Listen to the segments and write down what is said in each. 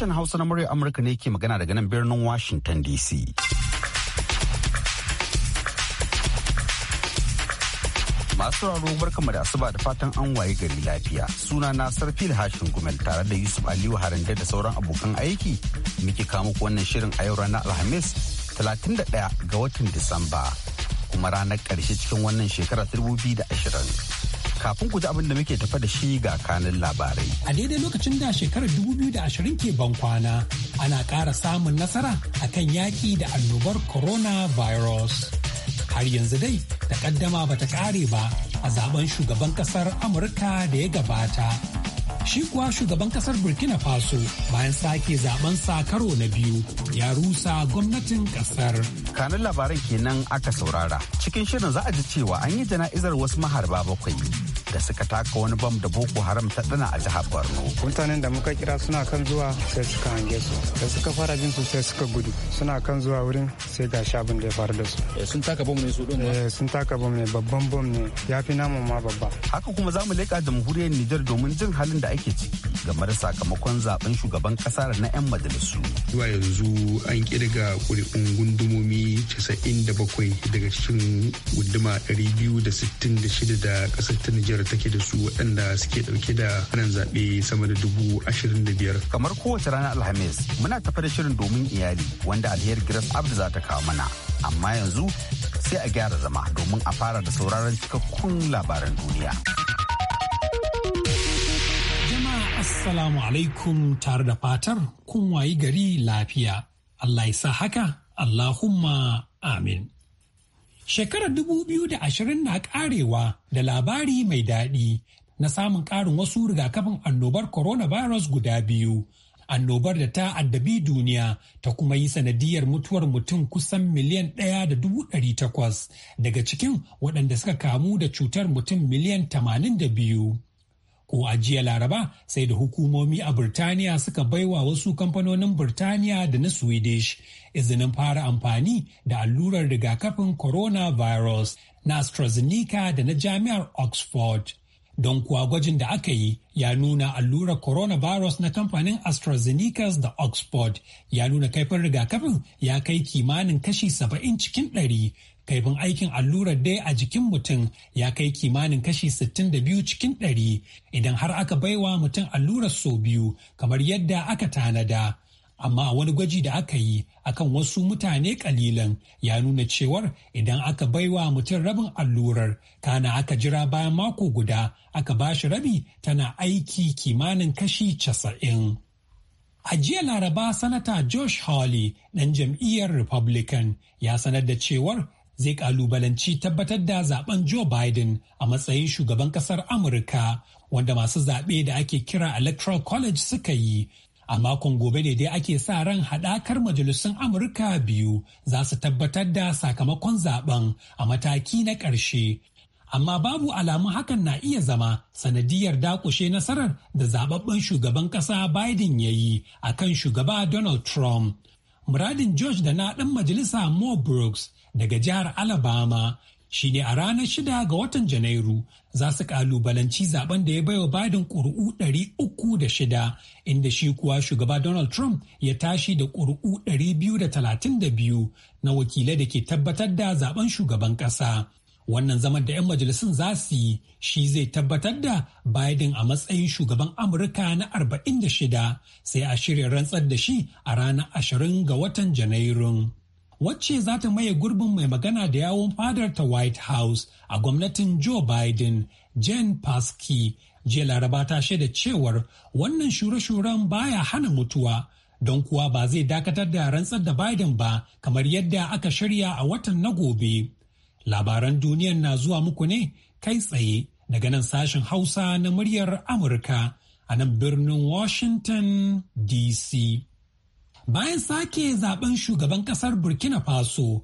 Sashen Hausa na muryar Amurka ne ke magana daga nan birnin Washington DC. Masu raro barkama da asuba da fatan an waye gari lafiya. Suna na Sarfil Hashin Gumel tare da Yusuf Aliyu Harande da sauran abokan aiki. Muke kama muku wannan shirin a yau ranar Alhamis 31 ga watan Disamba. Kuma ranar ƙarshe cikin wannan shekara 2020. kafin ku ji abin da muke tafa da shi ga kanin labarai. A daidai lokacin da shekarar biyu da ashirin ke ban kwana ana ƙara samun nasara a kan yaƙi da annobar coronavirus. Har yanzu dai takaddama ta ƙare ba a zaben shugaban ƙasar Amurka da ya gabata. Shi kuwa shugaban ƙasar Burkina Faso bayan sake zaben sa karo na biyu ya rusa gwamnatin ƙasar. Kanin labarai kenan aka saurara. Cikin shirin za a ji cewa an yi jana'izar wasu maharba bakwai da suka taka wani bam da boko haram ta dana a jihar borno mutanen da muka kira suna kan zuwa sai suka hange su da suka fara jin su sai suka gudu suna kan zuwa wurin sai ga shabin da ya faru da su eh, sun taka bam ne su din eh, sun taka bam ne babban bam ne ya fi namu ma babba haka kuma za mu leƙa jamhuriyar nijar domin jin halin da ake ciki game da sakamakon zaben shugaban kasa na 'yan majalisu zuwa yanzu an kirga kuri'un gundumomi 97 daga cikin gunduma 266 da kasar ta nijar Nijar take da su waɗanda suke ɗauke da ranar zaɓe sama da dubu ashirin da biyar. Kamar kowace rana Alhamis muna tafa da shirin domin iyali wanda alheri Giras Abdu za ta kawo mana. Amma yanzu sai a gyara zama domin a fara da sauraron cikakkun labaran duniya. Jama'a Assalamu alaikum tare da fatar kun wayi gari lafiya. Allah ya sa haka Allahumma amin. Shekarar dubu biyu da ashirin na karewa da labari mai daɗi na samun ƙarin wasu rigakafin annobar coronavirus guda biyu. Annobar da ta addabi duniya ta kuma yi sanadiyar mutuwar mutum kusan miliyan ɗaya da dubu ɗari takwas daga cikin waɗanda suka kamu da cutar mutum miliyan tamanin da biyu. Ko a jiya Laraba sai da hukumomi a Birtaniya suka baiwa wasu kamfanonin Birtaniya da na Swedish izinin fara amfani da allurar rigakafin coronavirus na AstraZeneca da na jami'ar Oxford. Don kuwa gwajin da aka yi ya nuna allurar coronavirus na kamfanin AstraZeneca da Oxford ya nuna kaifin rigakafin ya kai kimanin kashi 70 cikin ɗari kaibin aikin allurar dai a jikin mutum ya kai kimanin kashi 62 cikin ɗari idan har aka baiwa mutum allurar sau biyu kamar yadda aka tanada. Amma wani gwaji da aka yi akan wasu mutane kalilan ya nuna cewar idan aka baiwa mutum rabin allurar kana aka jira bayan mako guda aka bashi rabi tana aiki kimanin kashi casa'in. A jiya Laraba Sanata Josh Hawley ɗan jam'iyyar Republican ya sanar da cewar zai kalubalanci tabbatar da zaben Joe Biden a matsayin shugaban kasar Amurka wanda masu zaɓe da ake kira Electoral College suka yi. A makon gobe ne dai ake sa ran haɗakar majalisun Amurka biyu za su tabbatar da sakamakon zaben a mataki na ƙarshe. Amma babu alamu hakan na iya zama sanadiyar dakushe nasarar da zababben shugaban ƙasa Biden ya yi a kan shugaba Donald Trump. Muradin George da na ɗan majalisa Mo Brooks daga jihar Alabama shi ne a ranar shida ga watan Janairu za su kalubalanci zaben da ya baiwa Biden ƙuri'u ɗari uku da shida inda shi kuwa shugaba Donald Trump ya tashi da ƙuri'u ɗari biyu da talatin da biyu na wakilai da ke tabbatar da zaben shugaban ƙasa. Wannan zaman da 'yan majalisun za su yi shi zai tabbatar da Biden a matsayin shugaban Amurka na 46 sai a shirya rantsar da shi a ranar 20 ga watan Janairun. Wacce za ta maye gurbin mai magana da yawon fadar ta White House a gwamnatin Joe Biden, Jen paski jiya laraba ta shaida cewar wannan shure-shuren baya hana mutuwa don kuwa ba zai dakatar da rantsar da Biden ba kamar yadda aka shirya a watan na gobe. Labaran duniyar na zuwa muku ne kai tsaye daga nan sashen Hausa na muryar Amurka a nan birnin Washington DC. Bayan sake zaben shugaban kasar Burkina Faso,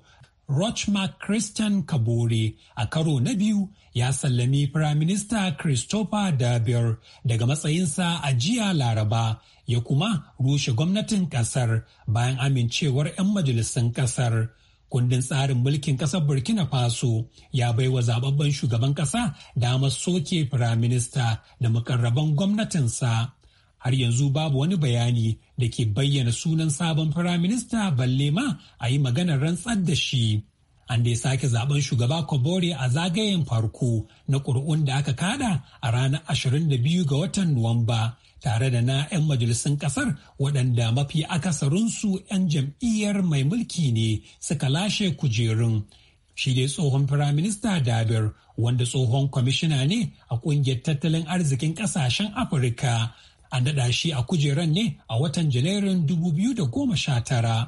Rochmark Christian Kabore a karo na biyu ya sallami Firaminista Christopher Dabir daga matsayinsa a jiya Laraba ya kuma rushe gwamnatin kasar bayan amincewar 'yan majalisun kasar. kundin tsarin mulkin kasar burkina faso ya baiwa zababben shugaban ƙasa damar soke firaminista da mukarraban gwamnatinsa har yanzu babu wani bayani da ke bayyana sunan sabon firaminista balle ma a yi maganar rantsar da shi an dai sake zaben shugaba kobore a zagayen farko na ƙuri'un da aka kada a ranar 22 ga watan nuwamba tare da na 'yan majalisun kasar waɗanda mafi akasarinsu 'yan jam'iyyar mai mulki ne suka lashe kujerun. Shi dai tsohon firaminista Dabir wanda tsohon kwamishina ne a ƙungiyar tattalin arzikin ƙasashen Afirka. An daɗa shi a kujeran ne a watan Janairun 2019.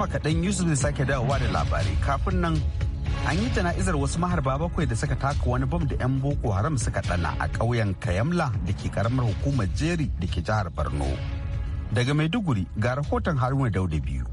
jima kaɗan yusuf zai sake dawowa da labarai kafin nan an yi jana'izar wasu maharba bakwai da suka taka wani bam da 'yan boko haram suka ɗana a ƙauyen kayamla da ke karamar hukumar jeri da ke jihar borno daga maiduguri ga rahoton haruna dauda biyu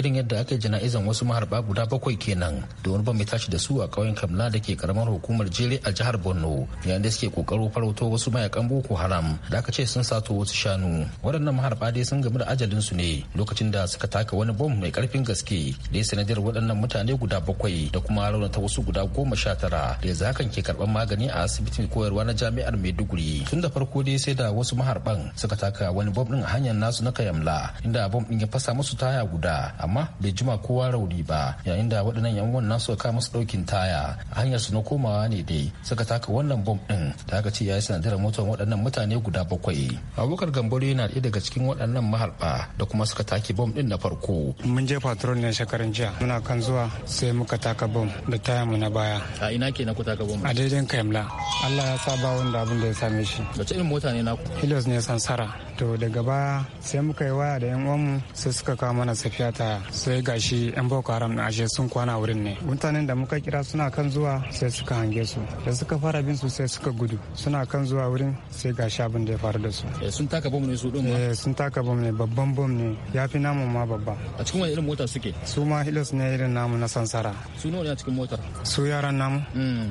irin yadda aka yi jana'izan wasu maharba guda bakwai kenan da wani mai tashi da su a ƙauyen kamla da ke karamar hukumar jere a jihar borno yayin da suke ƙoƙarin farauto wasu mayakan boko haram da aka ce sun sato wasu shanu waɗannan maharba dai sun gamu da ajalin su ne lokacin da suka taka wani bom mai ƙarfin gaske da ya sanadiyar waɗannan mutane guda bakwai da kuma raunata wasu guda goma sha tara da yanzu hakan ke karɓar magani a asibitin koyarwa na jami'ar maiduguri tun da farko dai sai da wasu maharban suka taka wani bom ɗin a hanyar nasu na kayamla inda bom ɗin ya fasa musu taya guda amma bai jima kowa rauni ba yayin da waɗannan yan wannan nasu kawo musu ɗaukin taya a hanyar su na komawa ne dai suka taka wannan bom ɗin da aka ce ya yi sanadar mutuwar waɗannan mutane guda bakwai abubakar gambaro yana ɗaya daga cikin waɗannan maharba da kuma suka take bom ɗin na farko mun je patrol ne shekaran jiya muna kan zuwa sai muka taka bom da taya mu na baya a ina ke na ku taka bom a daidai kaimla Allah ya sa ba wanda abin da ya same shi da irin mota ne ku. hilos ne sansara to daga baya sai muka yi waya da yan uwanmu sai suka kawo mana safiya ta kaya sai gashi yan boko haram na ashe sun kwana wurin ne mutanen da muka kira suna kan zuwa sai suka hange su da suka fara bin su sai suka gudu suna kan zuwa wurin sai gashi abin da ya faru da su eh, sun taka bom ne su din ma eh, sun taka bom ne babban bom ne ya fi namu ma babba a cikin wani irin mota suke su ma hilos ne irin namu na sansara su nawa ne a cikin mota su yaran namu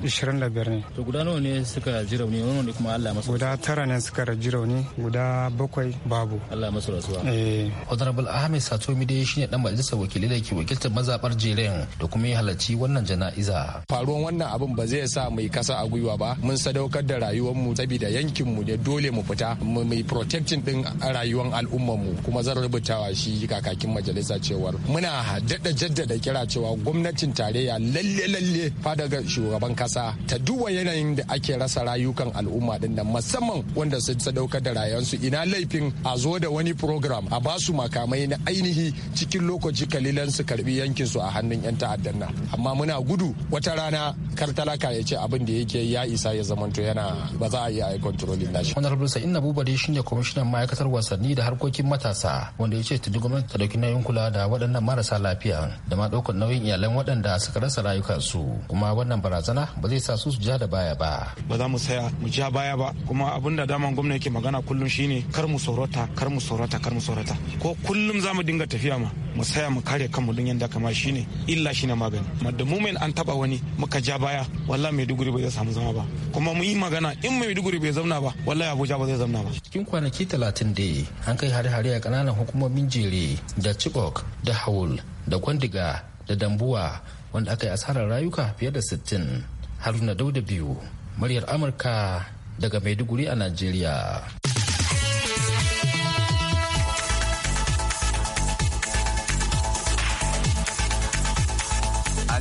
25 hmm. ne to guda nawa ne suka ji rauni wani ne kuma Allah masa guda tara ne suka ji rauni guda bakwai babu Allah masa rasuwa eh honorable ahmed satomi dai shine dan majalisar wakilai da ke wakiltar mazabar jerin da kuma ya halarci wannan jana'iza faruwan wannan abin ba zai sa mai kasa a gwiwa ba mun sadaukar da rayuwar rayuwarmu saboda yankinmu ne dole mu fita mu mai protecting din rayuwar mu kuma zan rubutawa shi kakakin majalisa cewar muna daɗa jaddada kira cewa gwamnatin tarayya lalle lalle fadaga shugaban kasa ta duba yanayin da ake rasa rayukan al'umma din nan musamman wanda sun sadaukar da rayuwarsu ina laifin a zo da wani program a basu makamai na ainihi cikin lokacin lokaci kalilan su karbi yankin su a hannun yan ta'addan nan amma muna gudu wata rana kar talaka ya ce abin da yake ya isa ya zamanto yana ba za a yi a yi controlling nashi honorable inna bubade shine kwamishinan ma'aikatar wasanni da harkokin matasa wanda ya ce tuni gwamnati ta dauki nauyin kula da waɗannan marasa lafiya da ma ɗaukar nauyin iyalan waɗanda suka rasa rayukansu kuma wannan barazana ba zai sa su su ja da baya ba ba za mu saya mu ja baya ba kuma abin da daman gwamnati yake magana kullum shine kar mu sorota kar mu sorota kar mu sorota ko kullum za mu dinga tafiya ma mu saya mu kare kanmu don yadda kama shine illa shi ne magani amma da an taba wani muka ja baya wallahi maiduguri bai samu zama ba kuma mu yi magana in maiduguri bai zauna ba wallahi abuja ba zai zauna ba cikin kwanaki talatin da an kai hare-hare a kananan hukumomin jere da chibok da haul da kwandiga da dambuwa wanda aka yi asarar rayuka fiye da sittin haruna dauda biyu muryar amurka daga maiduguri a najeriya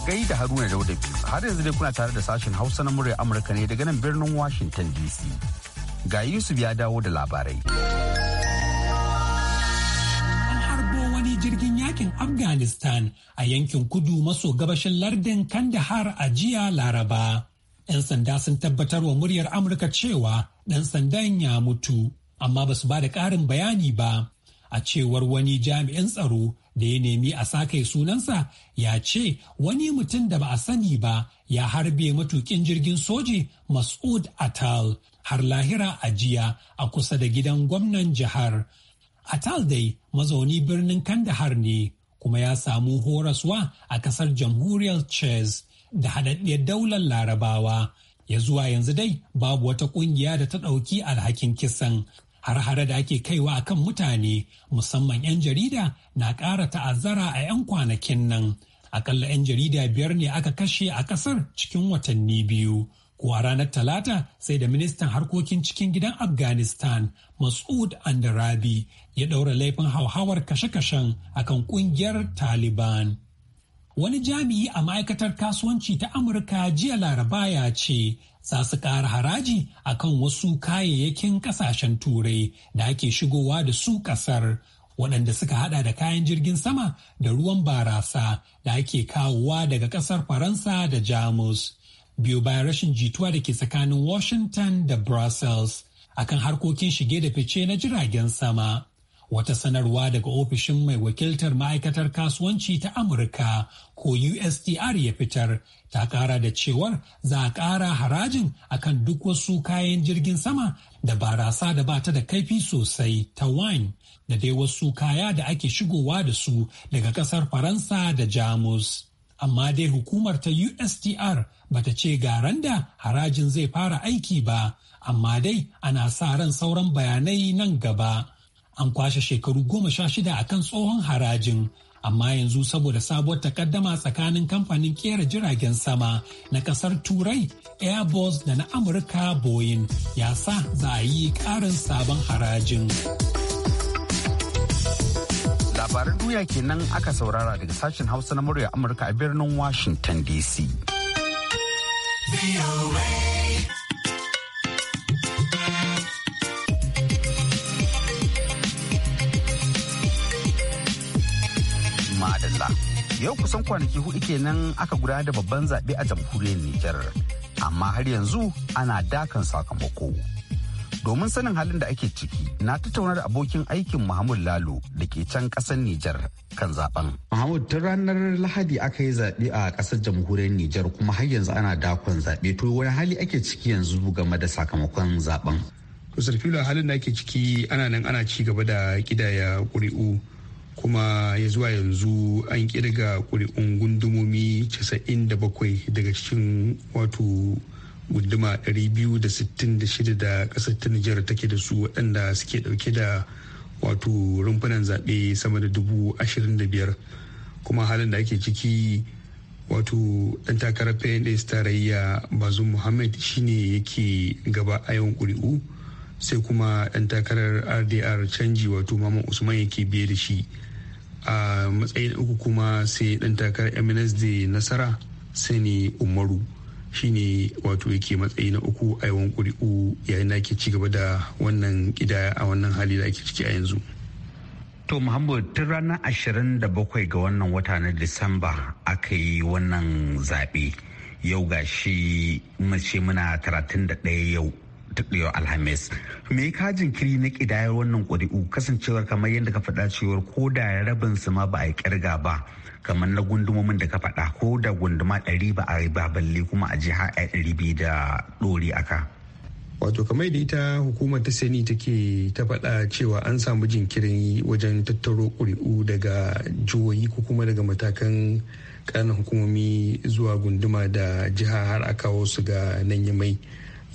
gai da Haruna Dauda har yanzu dai kuna tare da sashen Hausa na murya Amurka ne daga nan birnin Washington DC. Ga Yusuf ya dawo da labarai. An harbo wani jirgin yakin Afghanistan a yankin kudu maso gabashin lardin Kandahar a jiya Laraba. 'Yan sanda sun tabbatar wa muryar Amurka cewa ɗan sandan ya mutu, amma ba su ba da ƙarin bayani ba. A cewar wani jami'in tsaro da ya nemi a sakai sunansa ya ce wani mutum da ba a sani ba ya harbe matukin jirgin soji Mas'ud Atal har lahira a jiya a kusa da gidan gwamnan jihar. Atal dai mazauni birnin Kandahar ne kuma ya samu horaswa a kasar jamhuriyar Chez da haɗaɗɗiyar daular larabawa. Ya zuwa yanzu dai babu wata ƙungiya da ta ɗauki alhakin kisan Har-hare da ake kaiwa a kan mutane musamman 'yan jarida na ƙara ta'azzara a 'yan kwanakin nan. Akalla 'yan jarida biyar ne aka kashe a ƙasar cikin watanni biyu. Kuwa ranar Talata sai da ministan harkokin cikin gidan Afghanistan Masud Andarabi ya ɗaura laifin hauhawar kashe-kashen akan ƙungiyar Taliban. Wani jami'i a ma'aikatar kasuwanci ta Amurka jiya Laraba ya ce za su ƙara haraji a kan wasu kayayyakin ƙasashen turai da ake shigowa da su ƙasar waɗanda suka hada da kayan jirgin sama da ruwan barasa da ake kawowa daga ƙasar faransa da jamus biyu bayan rashin jituwa da ke tsakanin washington da brussels akan harkokin shige da fice na jiragen sama Wata sanarwa daga ofishin mai wakiltar ma'aikatar kasuwanci ta Amurka ko USTR ya fitar ta kara da cewar za a kara harajin akan duk wasu kayan jirgin sama da barasa da ba ta da kaifi sosai ta wine da dai wasu kaya da ake shigowa da su daga kasar Faransa da Jamus. Amma dai hukumar ta USTR bata ce garanda da harajin zai fara aiki ba, amma dai ana sa ran sauran bayanai nan gaba. an kwashe shekaru goma sha shida a kan tsohon harajin amma yanzu saboda sabuwar takaddama tsakanin kamfanin kera jiragen sama na kasar turai airbus da na amurka boeing ya sa za a yi karin sabon harajin labaran duniya kenan aka saurara daga sashen hausa na murya amurka a birnin washington dc yau kusan kwanaki hudu kenan aka gudanar da babban zaɓe a jamhuriyar Nijar, amma har yanzu ana dakan sakamako. Domin sanin halin da ake ciki, na tattauna da abokin aikin Muhammad Lalo da ke can ƙasar Nijar kan zaɓen. Muhammad tun ranar Lahadi aka yi zaɓe a ƙasar jamhuriyar Nijar kuma har yanzu ana dakon zaɓe to wani hali ake ciki yanzu game da sakamakon zaɓen. To halin da ake ciki ana nan ana ci gaba da ƙidaya ƙuri'u. kuma ya zuwa yanzu an kirga ƙuri'un gundumomi 97 daga cikin wato gunduma 266 da ƙasar ta Nijar take da su waɗanda suke ɗauke da wato rumfunan zaɓe sama da dubu ashirin da biyar kuma halin da ake ciki wato ɗan takarar pns tarayya bazu muhammad shine yake gaba a yawan ƙuri'u sai kuma ɗan takarar rdr canji wato maman usman yake biye da shi a matsayin uku kuma sai dan takarar mnsd nasara ni umaru shine wato yake matsayi na uku a yawan ƙuri'u yayin da ake ci gaba da wannan ƙidaya a wannan hali da ake ciki a yanzu. To Muhammad tun ranar ashirin da bakwai ga wannan wata na Disamba aka yi wannan zaɓe yau ga shi mace muna 31 ɗaya yau yau alhamis me ka jinkiri na kidayar wannan ƙuri'u kasancewar kamar yadda ka faɗa cewar ko da rabin su ma ba a yi kirga ba kamar na gundumomin da ka faɗa ko da gunduma ɗari ba a yi ba kuma a jiha a ɗari biyu da ɗori aka. wato kamar da ita hukumar ta sani take ta faɗa cewa an samu jinkirin wajen tattaro ƙuri'u daga jihohi ko kuma daga matakan ƙananan hukumomi zuwa gunduma da jiha har a kawo su ga nan mai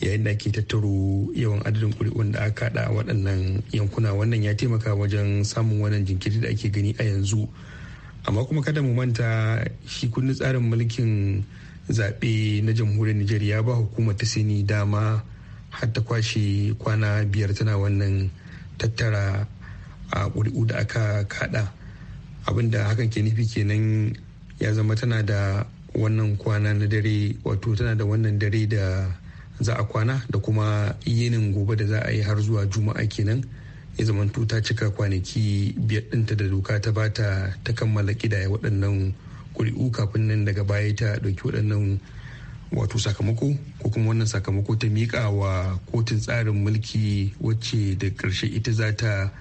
yayin da ake tattaro yawan adadin kuri'un da aka haɗa a waɗannan yankuna wannan ya taimaka wajen samun wannan jinkiri da ake gani a yanzu amma kuma kada mu manta shi kundin tsarin mulkin zaɓe na jamhuriyar nijar ya ba hukumar ta sini dama har ta kwashe kwana biyar tana wannan tattara a ƙuri'u da aka kaɗa abinda hakan ke nufi kenan ya zama tana da wannan kwana na dare wato tana da wannan dare da za a kwana da kuma yinin gobe da za a yi har zuwa juma'a kenan ya zamanto ta cika kwanaki biyar ɗinta da doka ta bata ta kammala kidaya waɗannan ƙuri'u kafin nan daga baya ta ɗauki waɗannan wato sakamako ko kuma wannan sakamako ta miƙa wa kotun tsarin mulki wacce da ƙarshe ita za ta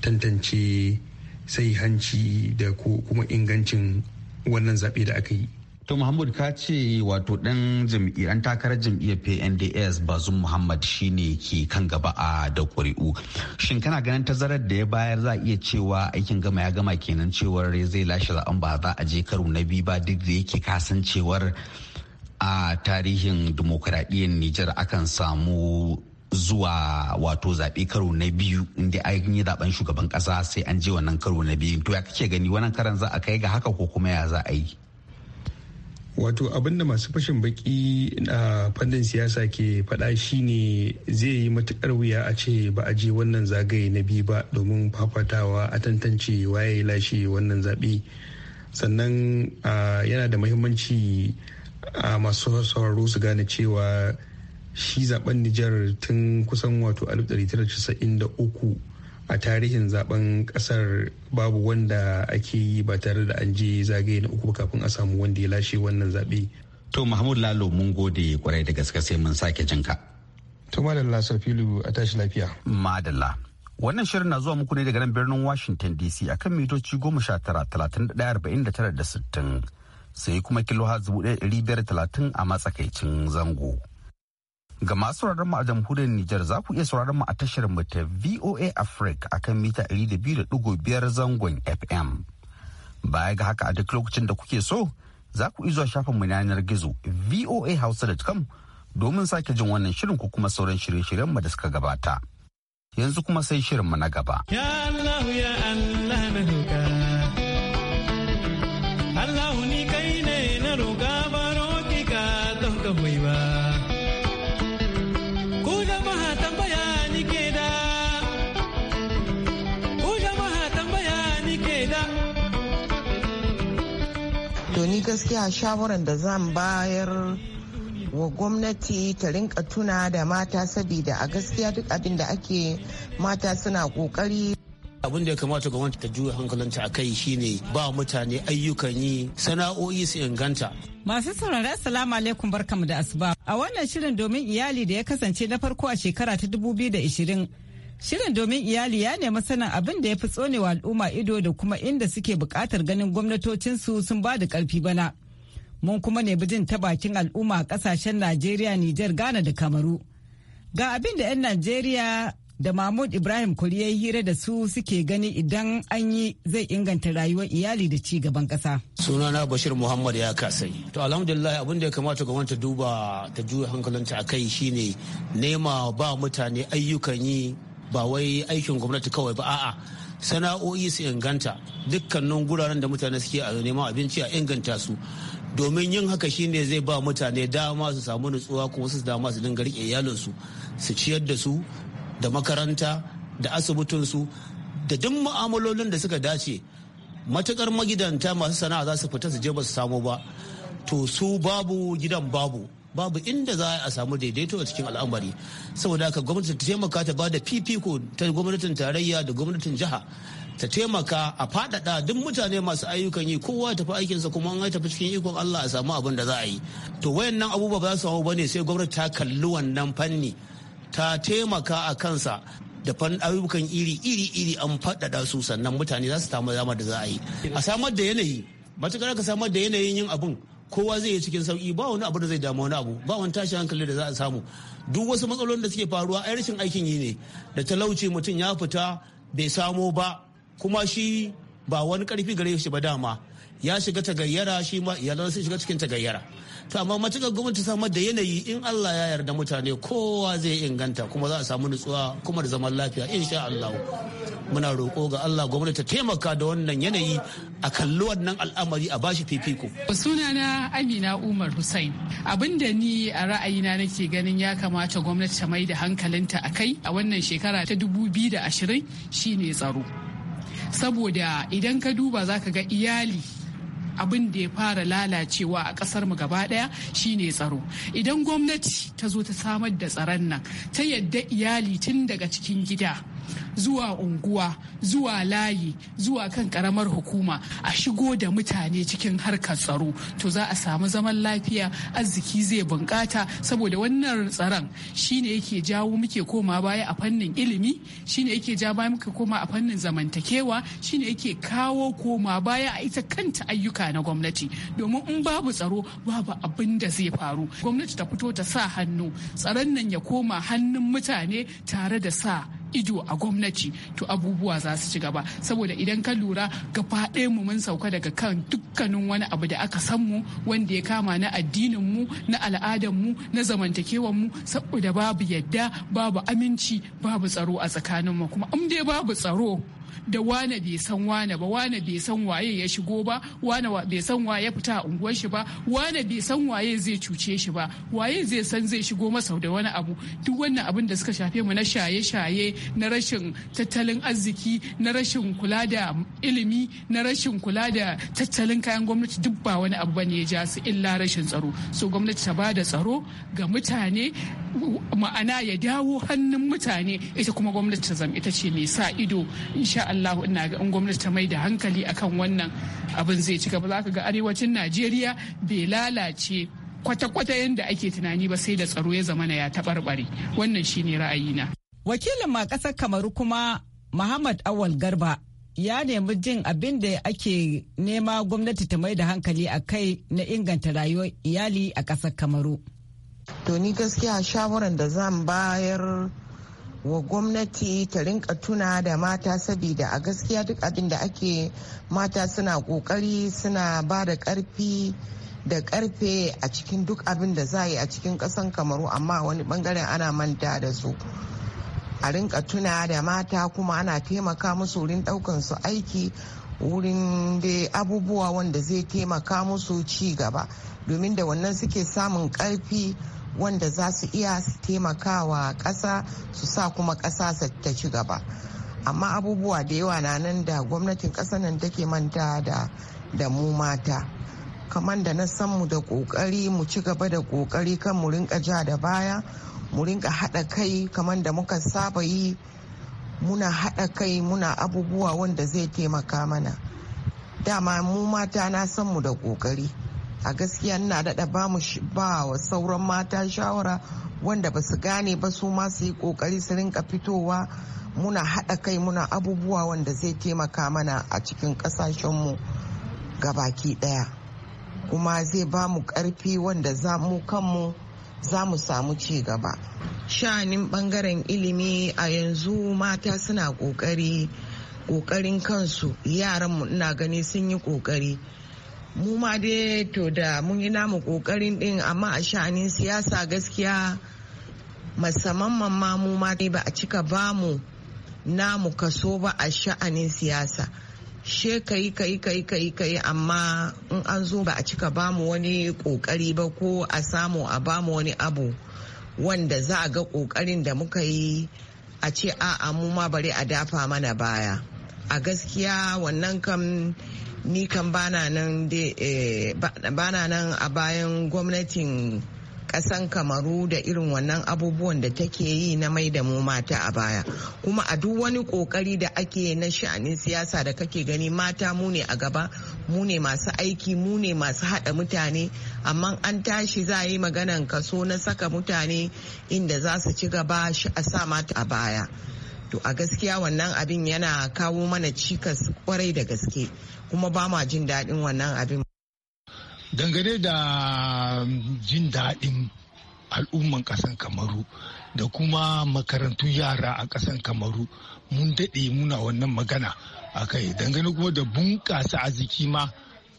tantance sai hanci da kuma ingancin wannan zaɓe da aka yi. to muhammad ka ce wato ɗan jam'iyyar takarar jam'iyyar pnds bazum muhammad shine ke kan gaba a da ƙuri'u shin kana ganin tazarar da ya bayar za a iya cewa aikin gama ya gama kenan cewar zai lashe zaben ba za a je karo na biyu ba duk da yake kasancewar a tarihin dimokuraɗiyyar nijar akan samu zuwa wato zaɓe karo na biyu inda an yi zaɓen shugaban ƙasa sai an je wannan karo na biyu to ya kake gani wannan karan za a kai ga haka ko kuma ya za a yi wato abinda masu fashin baki na fannin siyasa ke faɗa shine zai yi matukar wuya a ce ba a je wannan zagaye na biyu ba domin fafatawa a tantance waye lashe wannan zaɓe sannan yana da mahimmanci a masu sauraro su gane cewa shi zaben nijar tun kusan wato 1993 a tarihin zaben kasar babu wanda ake yi ba tare da an je zagaye na uku kafin a samu wanda ya lashe wannan zaɓe. To Mahmud Lalo mun gode kwarai da gaske sai mun sake jinka. To Madalla filu a tashi lafiya. Madalla. Wannan shirin na zuwa muku ne daga nan birnin Washington DC a kan mitoci goma sha tara talatin da ɗaya arba'in da tara da sittin sai kuma kilo ha zubu ɗaya ɗari biyar talatin a matsakaicin zango. Ga masu sauraron mu a jamhuriyar Nijar za ku iya sauraron mu a tashar mu ta VOA Africa akan mita 200.5 zangon FM. Baya ga haka a duk lokacin da kuke so za ku iya zuwa shafin mu yanar gizo voahouse.com domin sake jin wannan shirin ko kuma sauran shirye-shiryen mu da suka gabata. Yanzu kuma sai shirin mu na gaba. Ya Allah ya Allah. gaskiya shawaran da zan bayar wa gwamnati ta rinka tuna da mata sabida a gaskiya duk abin da ake mata suna kokari abin da ya kamata gwamnati ta juya hankalinta a kai shine ba mutane ayyukan yi sana'o'i su inganta masu sauraron assalamu alaikum barkamu da asuba a wannan shirin domin iyali da ya kasance na farko a shekara ta 2020 Shirin domin iyali ya nemi sanin abin da ya fi tsonewa al'umma ido da kuma inda suke bukatar ganin gwamnatocinsu sun ba da karfi bana. Mun kuma nemi jin ta bakin al'umma a ƙasashen Najeriya, Nijar, Ghana da Kamaru. Ga abin da 'yan Najeriya da Mahmud Ibrahim Kuri ya hira da su suke gani idan an yi zai inganta rayuwar iyali da ci gaban kasa. Sunana Bashir Muhammad ya kasai. To alhamdulillah abin da ya kamata gwamnati ta duba ta juya hankalinta a kai shine nema ba mutane ayyukan yi ba wai aikin gwamnati kawai ba a'a sana'o'i su inganta dukkanin guraren da mutane suke a neman abinci a inganta su domin yin haka shine zai ba mutane dama su samu nutsuwa kuma su dama su dinga rike iyalinsu su ciyar da su da makaranta da asibitinsu da duk mu'amalolin da suka dace matukar magidanta masu sana'a za su fita su je ba su samu ba to su babu gidan babu babu inda za a samu daidaito a cikin al'amari saboda haka gwamnati ta taimaka ta ba da fifiko ta gwamnatin tarayya da gwamnatin jiha ta taimaka a fadada duk mutane masu ayyukan yi kowa ta tafi aikinsa kuma an tafi cikin ikon Allah a samu abin da za a yi to wayannan abubuwa ba za su samu ba ne sai gwamnati ta kalli wannan fanni ta taimaka a kansa da fan ayyukan iri iri iri an fadada su sannan mutane za su samu dama da za a yi a samar da yanayi matukar ka samar da yanayin yin abun kowa zai yi cikin sauki ba wani abu da zai damu wani abu ba wani tashin hankali da za a samu duk wasu matsalolin da suke faruwa a rashin aikin yi ne da talauci mutum ya fita bai samo ba kuma shi ba wani karfi gare shi ba dama ya shiga tagayyara shi ma iyalan sun shiga cikin tagayyara to amma matukar gwamnati samar da yanayi in Allah ya yarda mutane kowa zai inganta kuma za a samu nutsuwa kuma da zaman lafiya insha Allah muna roƙo ga Allah gwamnati ta taimaka da wannan yanayi a kalli wannan al'amari a bashi fifiko. Sunana Amina Umar Hussein. Abin da ni a ra'ayina nake ganin ya kamata gwamnati ta mai da hankalinta a kai a wannan shekara ta biyu da 2020 shine tsaro. Saboda idan ka duba za ka ga iyali abin da ya fara lalacewa a kasar mu gaba daya shine tsaro idan gwamnati ta zo ta samar da tsaron nan ta yadda iyali tun daga cikin gida zuwa unguwa zuwa layi zuwa kan karamar hukuma a shigo da mutane cikin harkar tsaro to za a samu zaman lafiya arziki zai bunkata saboda wannan tsaron shine yake jawo muke koma baya a fannin ilimi shine yake ja baya muke koma a fannin zamantakewa shine yake kawo koma baya a ita kanta ayyuka na gwamnati domin in babu tsaro babu abin da zai faru gwamnati ta fito ta sa hannu tsaron nan ya koma hannun mutane tare da sa ido a gwamnati to abubuwa za su ci gaba saboda idan ka lura ga faɗe mu mun sauka daga kan dukkanin wani abu da aka san mu wanda ya kama na addinin mu na al'adan mu na zamantakewan mu saboda babu yadda babu aminci babu tsaro a tsakanin mu kuma in dai babu tsaro da wane bai san wane ba wane bai san waye ya shigo ba wane bai san waye fita a unguwar shi ba wane bai san waye zai cuce shi ba waye zai san zai shigo masa da wani abu duk wannan abin da suka shafe mu na shaye-shaye na rashin tattalin arziki na rashin kula da ilimi na rashin kula da tattalin kayan gwamnati duk ba wani abu bane ya ja su illa rashin tsaro so gwamnati ta bada tsaro ga mutane ma'ana ya dawo hannun mutane ita kuma gwamnati ta zama ita ce mai sa ido insha allahu Allah ina ga in gwamnati ta mai da hankali akan wannan abin zai ci gaba za ka ga arewacin Najeriya bai lalace kwata-kwata yadda ake tunani ba sai da tsaro ya zama ya taɓarɓare wannan shine na. wakilin ma ƙasar kamaru kuma muhammad awal garba ya nemi jin abin da ake nema gwamnati ta mai da hankali a kai na inganta rayuwar iyali a ƙasar kamaru to ni gaskiya shawaran da zan bayar wa gwamnati ta rinka tuna da mata sabida a gaskiya duk abin da ake mata suna kokari suna ba da karfi da karfe a cikin duk abin da za yi a cikin kasan kamaru amma wani bangaren ana manta da su a rinka tuna da mata kuma ana taimaka musu wurin daukan su aiki wurin da abubuwa wanda zai taimaka musu ci gaba domin da wannan suke samun karfi wanda za su iya taimakawa kasa su sa kuma ƙasa ta ci gaba amma abubuwa da yawa na nan da gwamnatin kasa nan take manta da da mu mata kamar da na san mu da ƙoƙari mu ci gaba da ƙoƙari kan mu rinka ja da baya mu rinka haɗa kai kamar da muka saba yi muna haɗa kai muna abubuwa wanda zai taimaka mana dama mu mata na san mu da ƙoƙari a gaskiya ina daɗa ba mu ba wa sauran mata shawara wanda ba su gane ba su ma su yi ƙoƙari su rinka fitowa muna haɗa kai muna abubuwa wanda zai taimaka mana a cikin ƙasashenmu baki ɗaya kuma zai ba mu ƙarfi wanda za mu kanmu za mu samu ci gaba sha'anin ɓangaren ilimi a yanzu mata suna ƙoƙari ƙoƙarin kansu yaranmu ina gani sun yi ƙoƙari mu ma dai to da mun yi namu kokarin din amma a sha'anin siyasa gaskiya musamman ma mu ma dai ba a cika bamu namu kaso ba a sha'anin siyasa she kai kai kai kai amma in an zo ba a cika bamu wani kokari ba ko a samu a bamu wani abu wanda za a ga kokarin da muka yi a ce a'a mu ma bari a dafa mana baya a gaskiya wannan kam ni kan eh, bana nan a bayan gwamnatin kasan kamaru da irin wannan abubuwan da take yi na mai da mu mata a baya kuma a duk wani kokari da ake na sha'anin siyasa da kake gani mata mu ne a gaba mu ne masu aiki mu ne masu haɗa mutane amma an tashi za a yi maganan kaso na saka mutane inda za su ci gaba a sa mata a baya to a gaskiya wannan abin yana kawo mana cikas kwarai da gaske kuma ba ma jin daɗin wannan abin. Dangane da jin daɗin al'umman ƙasan Kamaru da kuma makarantun yara a ƙasan Kamaru mun daɗe muna wannan magana a kai dangane kuma da bunƙasa arziki ma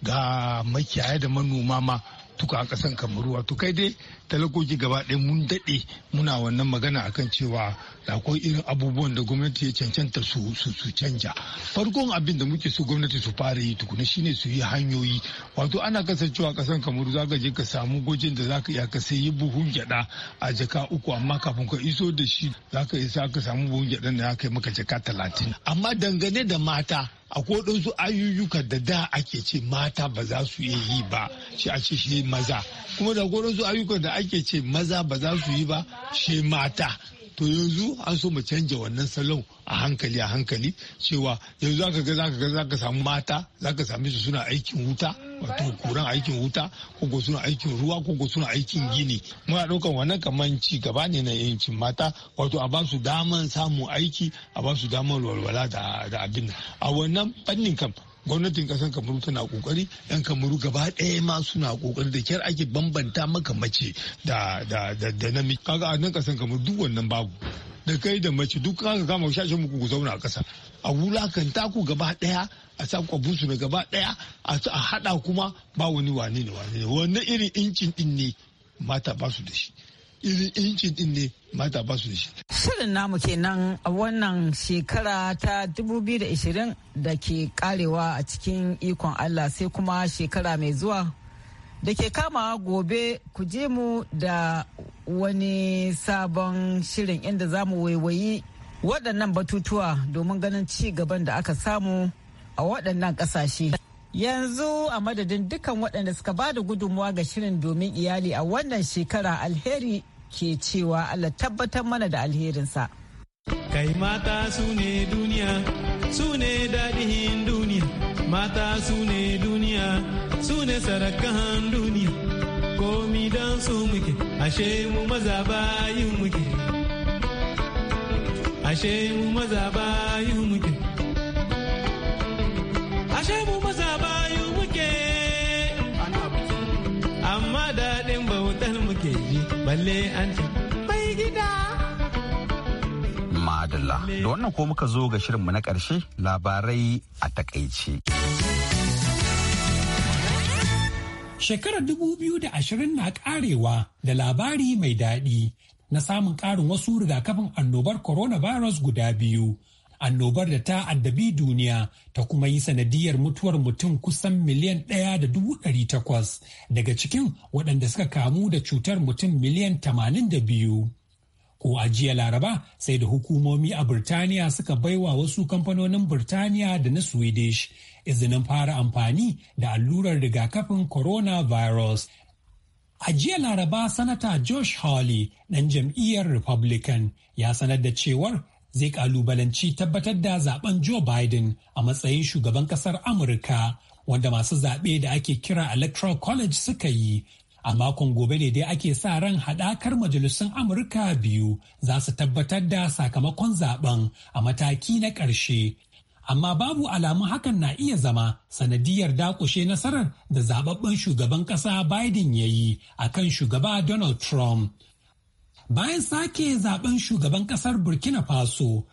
ga makiyaya da manoma ma tuka a ƙasan Kamaru wato kai dai talakoki gaba ɗaya mun daɗe muna wannan magana akan cewa da akwai irin abubuwan da gwamnati ya cancanta su su canja farkon abin da muke so gwamnati su fara yi tukuna shine su yi hanyoyi wato ana kasancewa kasan kamar za ka je ka samu gojin da za ka iya ka sayi buhun gyada a jaka uku amma kafin ka iso da shi za ka isa ka samu buhun gyada da za ka yi maka jaka talatin amma dangane da mata akwai waɗansu ayyuka da da ake ce mata ba za su iya yi ba shi a ce shi maza kuma da akwai waɗansu ayyukan da ake ce maza ba za su yi ba shi mata to yanzu an so mu canja wannan salon a hankali a hankali cewa yanzu zaka ga zaka ga zaka samu mata zaka same su suna aikin wuta wato kuran aikin wuta ko suna aikin ruwa ko suna aikin gini muna ɗaukan wannan kaman ci gaba ne na yankin mata wato a ba su daman samun aiki a ba su daman walwala da abin a wannan fannin kam gwamnatin kasan kamaru tana kokari yan kamaru gaba ɗaya ma suna kokari da kyar ake bambanta maka mace da da da da namiji kaga a nan kasan kamaru duk wannan babu da kai da mace duk kaga kama shashin muku ku zauna a kasa a wulakanta taku gaba ɗaya a sa su na gaba ɗaya a haɗa kuma ba wani wane ne wane ne wannan irin incin ɗin ne mata ba su da shi irin inci din ne mata ba su shi. Shirin namu kenan a wannan shekara ta 2020 da ke karewa a cikin ikon Allah sai kuma shekara mai zuwa da ke kama gobe ku je mu da wani sabon shirin inda za mu waiwayi waɗannan batutuwa domin ganin ci gaban da aka samu a waɗannan ƙasashe. Yanzu a madadin dukkan waɗanda suka ba da gudunmuwa ga shirin domin iyali a wannan shekara alheri ke cewa Allah tabbatar mana da alherinsa. Kai mata su ne duniya, su ne daɗin duniya, mata su ne duniya, su ne sarakan duniya, komi don su muke, ashe mu maza bayin muke, ashe mu maza bayin muke. balle an bai gida madalla da wannan ko muka zo ga shirinmu na ƙarshe labarai a takaice shekarar 2020 na karewa da labari mai daɗi na samun ƙarin wasu rigakafin annobar coronavirus guda biyu annobar da ta addabi duniya ta kuma yi sanadiyar mutuwar mutum kusan miliyan ɗaya da dubu ɗari takwas daga cikin waɗanda suka kamu da cutar mutum miliyan tamanin da biyu. Ko a jiya Laraba sai da hukumomi a Birtaniya suka baiwa wasu kamfanonin Birtaniya da na Swedish izinin fara amfani da allurar rigakafin coronavirus A jiya Laraba Sanata Josh Hawley ɗan jam'iyyar Republican ya sanar da cewar zai kalubalanci tabbatar da zaben Joe Biden a matsayin shugaban kasar Amurka wanda masu zaɓe da ake kira Electoral College suka yi. A makon gobe ne dai ake sa ran haɗakar majalisun Amurka biyu za su tabbatar da sakamakon zaben a mataki na ƙarshe. Amma babu alamu hakan na iya zama sanadiyar dakushe nasarar da zababben shugaban ƙasa Biden ya yi a kan shugaba Donald Trump. Bayan sake zaben shugaban kasar Burkina Faso,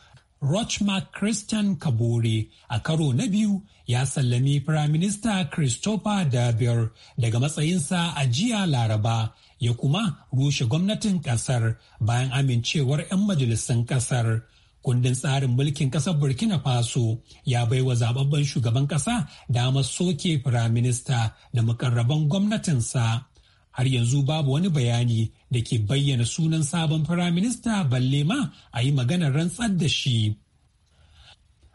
Rochmark Christian Kabore a karo na biyu ya sallami Firaminista Christopher Dabir daga matsayinsa a jiya Laraba ya kuma rushe gwamnatin kasar bayan amincewar 'yan majalisun kasar. Kundin tsarin mulkin kasar Burkina Faso ya baiwa zababben shugaban kasa damar soke firaminista da mukarraban gwamnatinsa. har yanzu babu wani bayani da ke bayyana sunan sabon firaminista balle ma a yi maganar rantsar da shi.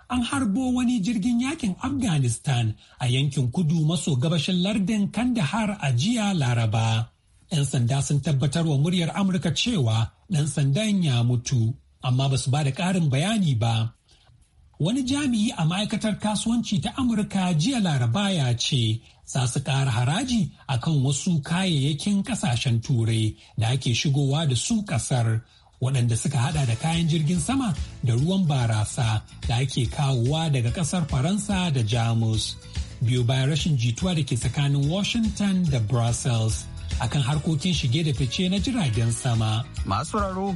An harbo wani jirgin yakin Afghanistan a yankin kudu maso gabashin lardin Kandahar a jiya Laraba. 'Yan sanda sun tabbatar wa muryar Amurka cewa ɗan sandan ya mutu, amma ba su ba da ƙarin bayani ba. Wani jami'i a ma'aikatar kasuwanci ta Amurka jiya laraba ya ce za su ƙara haraji akan wasu kayayyakin ƙasashen turai da ake shigowa da su ƙasar waɗanda suka hada da kayan jirgin sama da ruwan barasa da ake kawowa daga ƙasar Faransa da Jamus. Biyu bayan rashin jituwa da ke tsakanin Washington da Brussels akan harkokin shige da fice na jiragen sama. Masu raro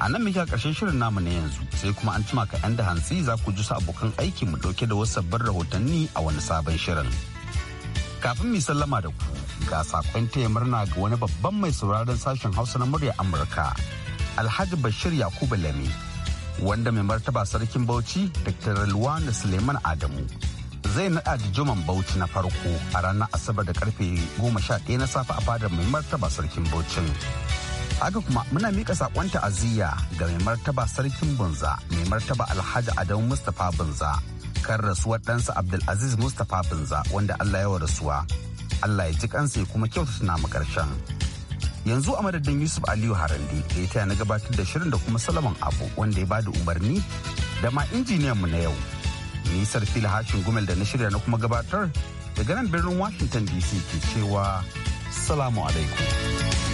a nan muke karshen shirin namu na yanzu sai kuma an cima ka yan da hantsi za ku ji su abokan aiki mu dauke da wasu sabbin rahotanni a wani sabon shirin kafin mu sallama da ku ga sakon taya murna ga wani babban mai sauraron sashen hausa na murya amurka alhaji bashir yakubu lami wanda mai martaba sarkin bauchi dr luwana suleiman adamu zai naɗa da juman bauchi na farko a ranar asabar da karfe goma sha 11 na safe a fadar mai martaba sarkin bauchin haka kuma muna mika sakon ta'aziyya ga mai martaba sarkin bunza mai martaba alhaji adamu mustapha bunza kan rasuwar ɗansa abdulaziz mustapha bunza wanda allah yawa rasuwa allah ya ji kansa ya kuma kyauta na mu karshen yanzu a madadin yusuf aliyu harande da ya taya na gabatar da shirin da kuma salaman abu wanda ya bada umarni da ma mu na yau nisar fila hashin gumel da na shirya na kuma gabatar daga nan birnin washington dc ke cewa salamu alaikum